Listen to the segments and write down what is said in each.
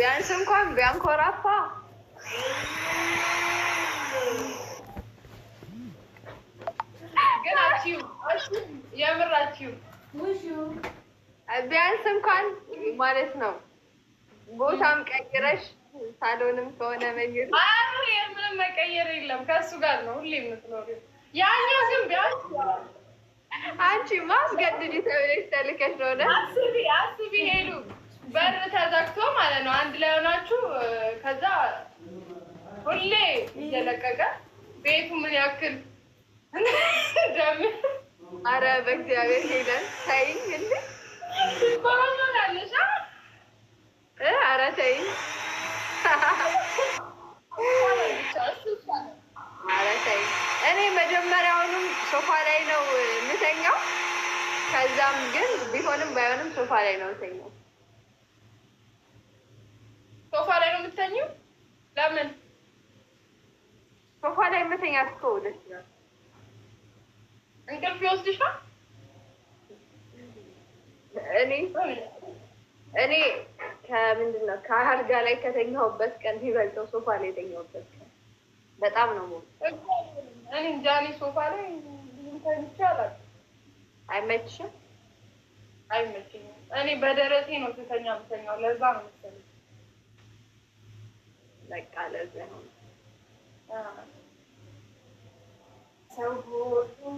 ቢያንስ እንኳን ቢያንኮራፋ የምራችሁ ቢያንስ እንኳን ማለት ነው ቦታም ቀይረሽ ሳሎንም ከሆነ መኝር ምንም መቀየር የለም ከእሱ ጋር ነው ሁሌ የምትኖሪው። ያኛው ግን ቢያንስ አንቺ ማስገድድ ተብለሽ ተልከሽ ሆነ አስቢ አስቢ ሄዱ በር ተዘግቶ ማለት ነው። አንድ ላይ ሆናችሁ ከዛ ሁሌ እየለቀቀ ቤቱ ምን ያክል ደም አረ በእግዚአብሔር ሄደን ታይኝ እንዴ አረ እኔ መጀመሪያውንም ሶፋ ላይ ነው የምተኛው። ከዛም ግን ቢሆንም ባይሆንም ሶፋ ላይ ነው የምተኛው። አትተኝም? ለምን ሶፋ ላይ መተኛት እኮ ደስ ይላል። እንቅልፍ ይወስድሻል። እኔ እኔ ከምንድን ነው ከአልጋ ላይ ከተኛሁበት ቀን የሚበልጠው ሶፋ ላይ የተኛሁበት ቀን በጣም ነው ሞ እኔ እንጃ እኔ ሶፋ ላይ ተኝቼ አላውቅም። አይመችሽም? አይመችኝም። እኔ በደረቴ ነው ስተኛ ምተኛው ለዛ ነው መሰለኝ በቃ ለዛ ነው ሰላም፣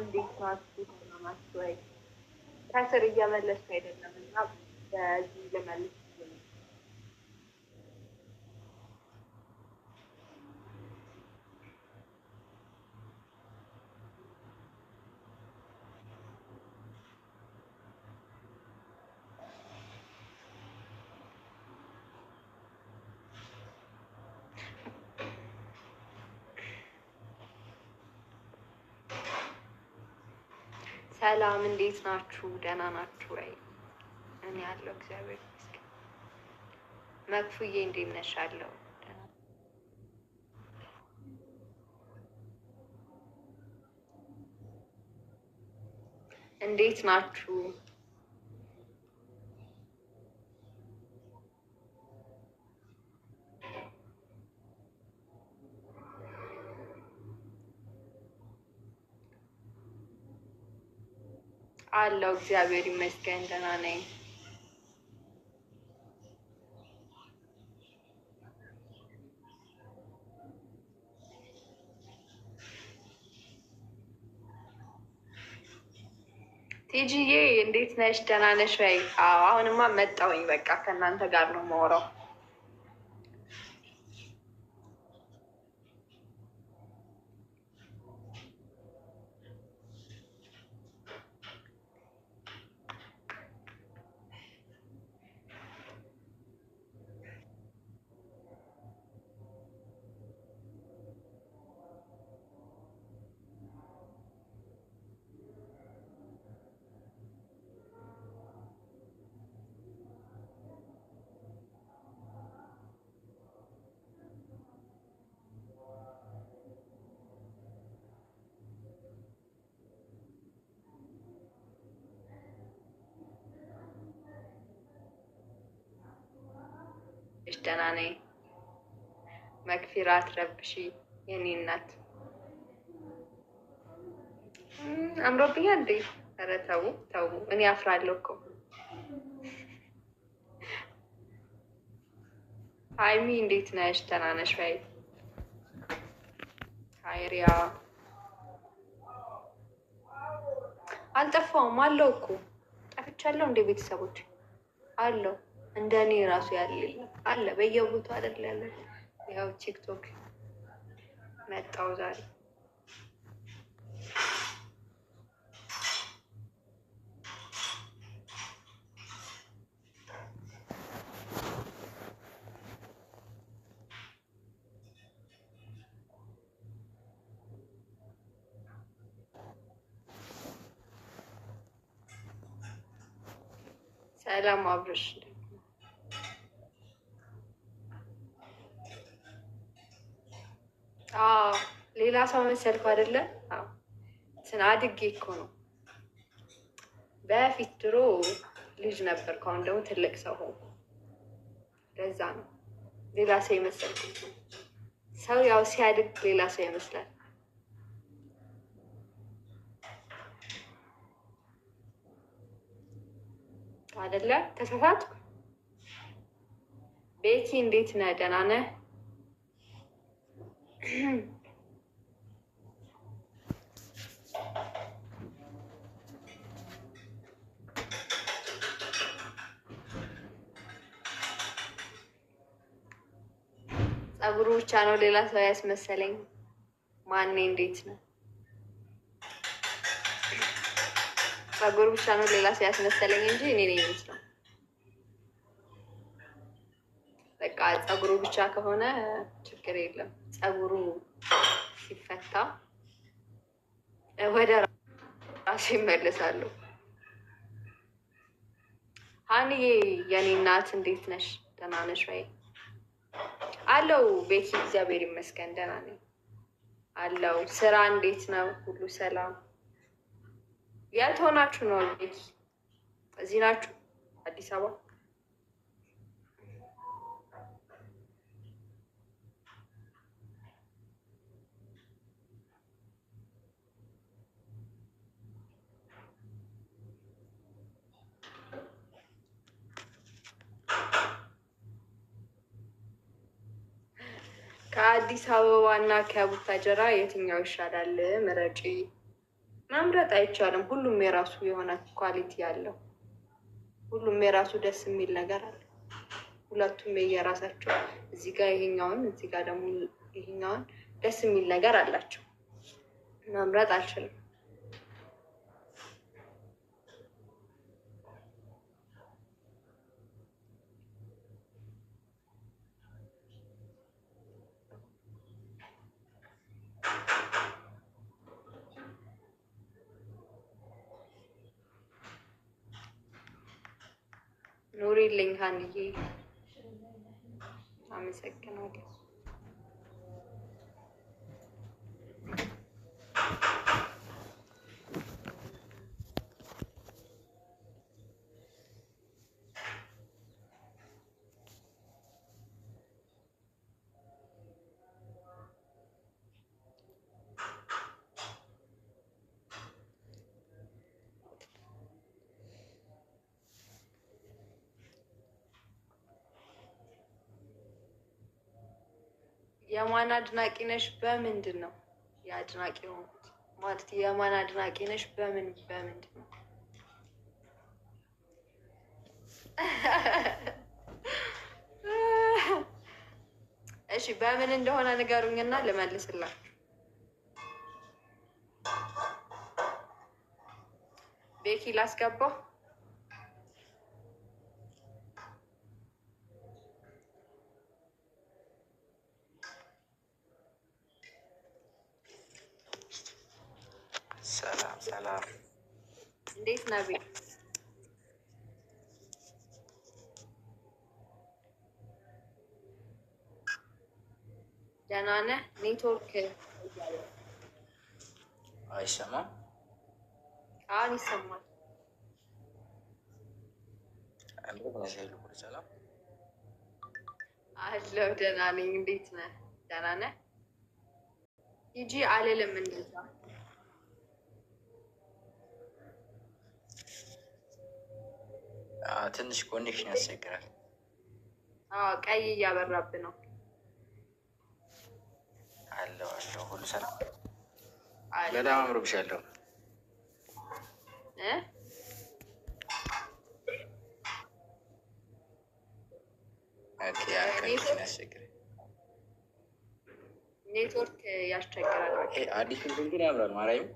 እንዴት ናችሁ? ሰላማችሁ ወይ? ከስር እየመለስኩ አይደለም እና በዚህ ልመልስ ሰላም እንዴት ናችሁ? ደህና ናችሁ ወይ? እኔ ያለው እግዚአብሔር ይመስገን። መክፉዬ እንዴት ነሽ? አለው እንዴት ናችሁ? አለው። እግዚአብሔር ይመስገን ደህና ነኝ። ቲጂዬ እንዴት ነሽ? ደህና ነሽ ወይ? አሁንማ መጣሁኝ። በቃ ከእናንተ ጋር ነው የማወራው። ደህና ነኝ። መግፊራ አትረብሺ የኔ እናት። አምሮብኛ እንዴ? ኧረ ተው ተው፣ እኔ አፍራለሁ እኮ ሀይሚ እንዴት ነሽ? ደህና ነሽ ወይ? ካይሪያ አልጠፋውም፣ አለው እኮ ጠፍቻለሁ እንደ ቤተሰቦች አለው እንደ እኔ ራሱ ያለ አለ በየቦታው አይደል ያለ። ያው ቲክቶክ መጣው ዛሬ ሰላም አብርሽ ሌላ ሰው መሰልኩ አይደለ? ስን አድጌ እኮ ነው። በፊት ድሮ ልጅ ነበር፣ አሁን ደግሞ ትልቅ ሰው ሆንኩ። ለዛ ነው ሌላ ሰው የመሰልኩት። ሰው ያው ሲያድግ ሌላ ሰው ይመስላል። አይደለ? ተሳሳትኩ። ቤቲ እንዴት ነህ? ደህና ነህ? ጸጉሩ ብቻ ነው፣ ሌላ ሰው ያስመሰለኝ። ማኔ እንዴት ነው? ጸጉሩ ብቻ ነው፣ ሌላ ሰው ያስመሰለኝ እንጂ እኔ ነኝ ነው። በቃ ጸጉሩ ብቻ ከሆነ ችግር የለም። ፀጉሩ ሲፈታ ወደ ራሱ ይመልሳሉ። ሀኒዬ የኔ እናት እንዴት ነሽ? ደህና ነሽ ወይ? አለው ቤት እግዚአብሔር ይመስገን ደህና ነኝ አለው። ስራ እንዴት ነው? ሁሉ ሰላም? የት ሆናችሁ ነው ቤቲ? እዚህ ናችሁ አዲስ አበባ? ከአዲስ አበባና ከቡታጀራ የትኛው ይሻላል ምረጪ። መምረጥ አይቻልም። ሁሉም የራሱ የሆነ ኳሊቲ አለው። ሁሉም የራሱ ደስ የሚል ነገር አለ። ሁለቱም የየራሳቸው እዚህ ጋር ይሄኛውን፣ እዚህ ጋር ደግሞ ይሄኛውን ደስ የሚል ነገር አላቸው። መምረጥ አልችልም። नूरी लिंगानी की हम हाँ, इसे क्या नाम የማን አድናቂ ነሽ? በምንድን ነው የአድናቂ ሆንኩት? ማለት የማን አድናቂ ነሽ? በምን በምንድን ነው እሺ በምን እንደሆነ ንገሩኝና ልመልስላችሁ። ቤኪ ላስገባው ሰላም ሰላም፣ እንዴት ነህ? ደህና ነህ? ኔትወርክ አይሰማም? አሁን ይሰማል። አለው። ደህና ነኝ። እንዴት ነህ? ደህና ነህ? ሂጂ አልልም እንደዛ ትንሽ ኮኔክሽን ያስቸግራል። ቀይ እያበራብ ነው አለው አለው። ሁሉ ሰላም በጣም አምሮብሻለሁ። ኔትወርክ ያስቸግራል። አዲስ ግን ያምራል ማርያም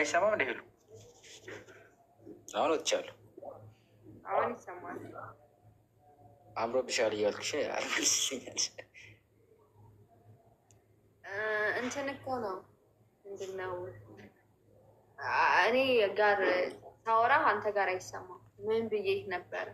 አይሰማም እንደ ሄሉ አሁን ወጥቻለሁ። አሁን ይሰማል። አምሮብሻል እያልኩሽ አልመልስኛል። እንትን እኮ ነው ምንድን ነው እኔ ጋር ታወራ አንተ ጋር አይሰማም። ምን ብዬሽ ነበረ?